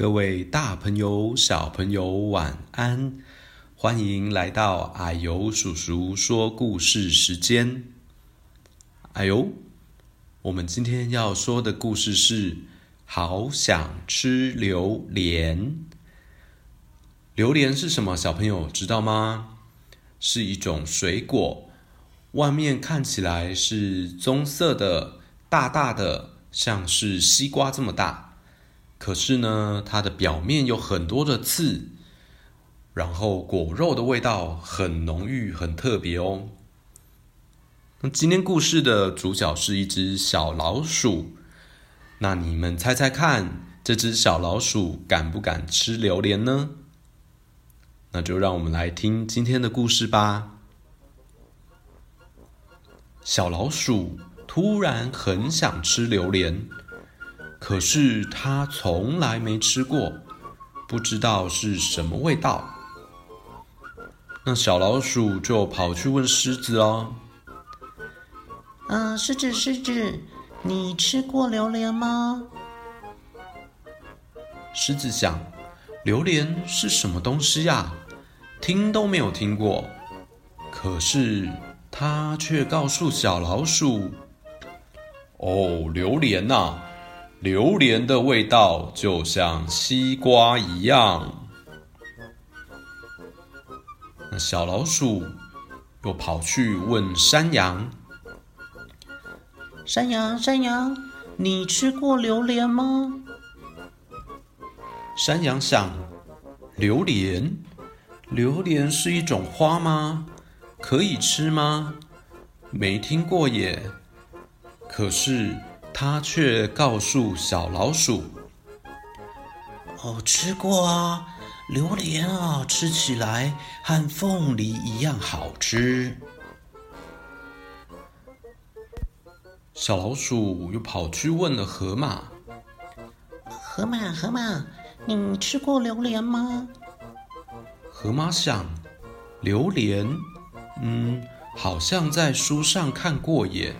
各位大朋友、小朋友，晚安！歡迎來到啊呦叔叔說故事時間。啊呦，我們今天要說的故事是《好想吃榴蓮》。榴蓮是什麼？小朋友知道嗎？是一種水果，外面看起來是棕色的，大大的，像是西瓜這麼大。可是呢，它的表面有很多的刺，然後果肉的味道很濃郁、很特別哦。那今天故事的主角是一隻小老鼠，那你們猜猜看，這隻小老鼠敢不敢吃榴蓮呢？那就讓我們來聽今天的故事吧。小老鼠突然很想吃榴蓮。可是他從來沒吃過，不知道是什麼味道。那小老鼠就跑去問獅子哦：“嗯，獅子，獅子，你吃過榴蓮嗎？”獅子想：榴蓮是什麼東西呀？聽都沒有聽過。可是他卻告訴小老鼠：“哦，榴蓮啊。”榴蓮的味道就像西瓜一樣。那小老鼠又跑去問山羊：“山羊，山羊，你吃過榴蓮嗎？”山羊想：“榴蓮，榴蓮是一種花嗎？可以吃嗎？沒聽過耶。可是。”他卻告訴小老鼠：“哦，吃過啊，榴蓮啊，吃起來和鳳梨一樣好吃。”小老鼠又跑去問了河馬：“河馬，河馬，你吃過榴蓮嗎？”河馬想：“榴蓮，嗯，好像在書上看過耶。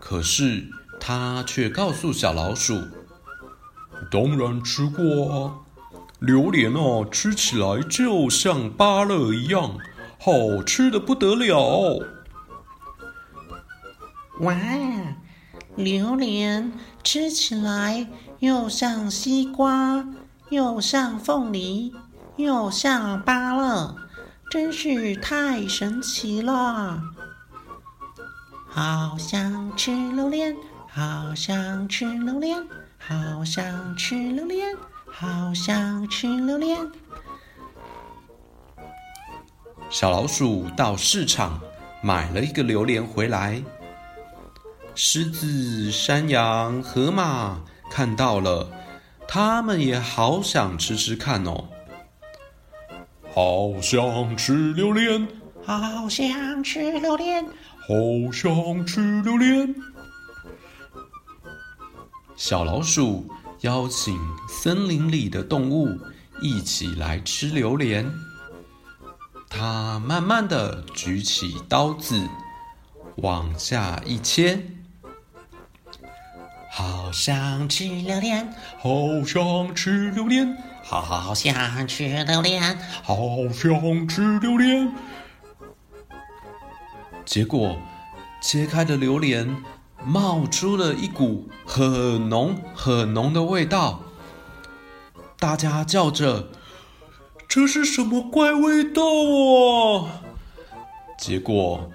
可是。”他卻告訴小老鼠：“當然吃過啊，榴蓮啊，吃起來就像芭樂一樣，好吃的不得了。”哇，榴蓮吃起來又像西瓜，又像鳳梨，又像芭樂，真是太神奇了！好想吃榴蓮。好想吃榴蓮，好想吃榴蓮，好想吃榴蓮。小老鼠到市場買了一個榴蓮回來，獅子、山羊、河馬看到了，他們也好想吃吃看哦。好想吃榴蓮，好想吃榴蓮，好想吃榴蓮。小老鼠邀請森林裡的動物一起來吃榴蓮它慢慢的舉起刀子，往下一切。好想吃榴蓮，好想吃榴蓮，好想吃榴蓮，好想吃榴蓮。榴蓮結果，切開的榴蓮，冒出了一股很濃很濃的味道，大家叫着：“這是什麼怪味道啊！”結果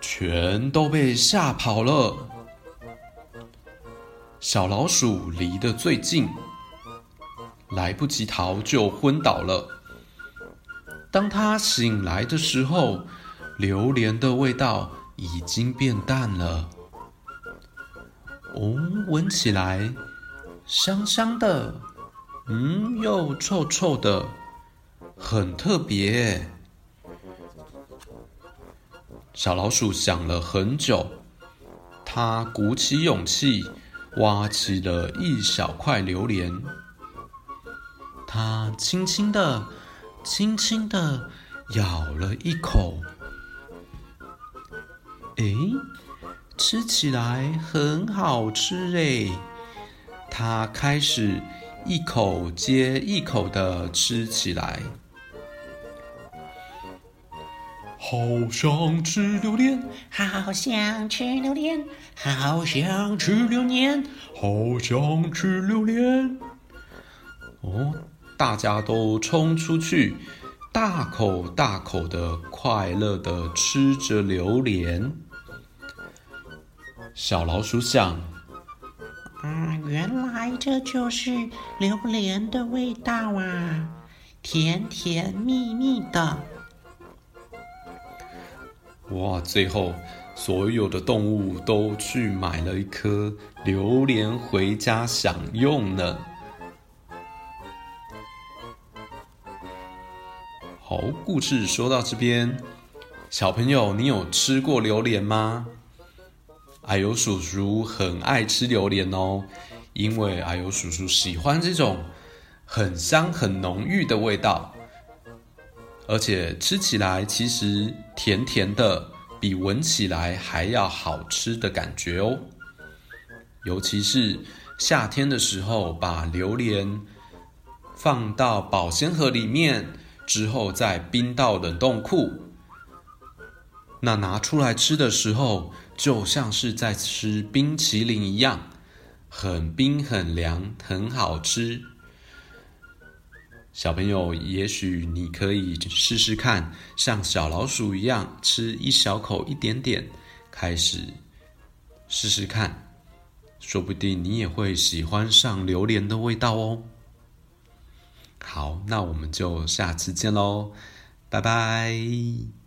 全都被嚇跑了。小老鼠離得最近，來不及逃就昏倒了。當他醒來的時候，榴蓮的味道已經變淡了。哦，聞起來香香的，嗯，又臭臭的，很特別。小老鼠想了很久，它鼓起勇氣，挖起了一小塊榴蓮。它輕輕地、輕輕地咬了一口。誒、欸。吃起來很好吃哎！他開始一口接一口的吃起來好吃。好想吃榴蓮，好想吃榴蓮，好想吃榴蓮，好想吃榴蓮。哦，大家都衝出去，大口大口的，快樂的吃着榴蓮。小老鼠想：“啊，原來這就是榴蓮的味道啊，甜甜蜜蜜的。”哇！最後，所有的動物都去買了一顆榴蓮回家享用呢。好，故事說到這邊，小朋友，你有吃過榴蓮嗎？啊呦叔叔很愛吃榴蓮哦，因為啊呦叔叔喜歡這種很香很濃郁的味道，而且吃起來其實甜甜的，比聞起來還要好吃的感覺哦。尤其是夏天的時候，把榴蓮放到保鮮盒裡面，之後再冰到冷凍庫。那拿出來吃的時候，就像是在吃冰淇淋一樣，很冰很涼，很好吃。小朋友，也許你可以試試看，像小老鼠一樣，吃一小口一點點，開始試試看，說不定你也會喜歡上榴蓮的味道哦。好，那我們就下次見嘍，拜拜。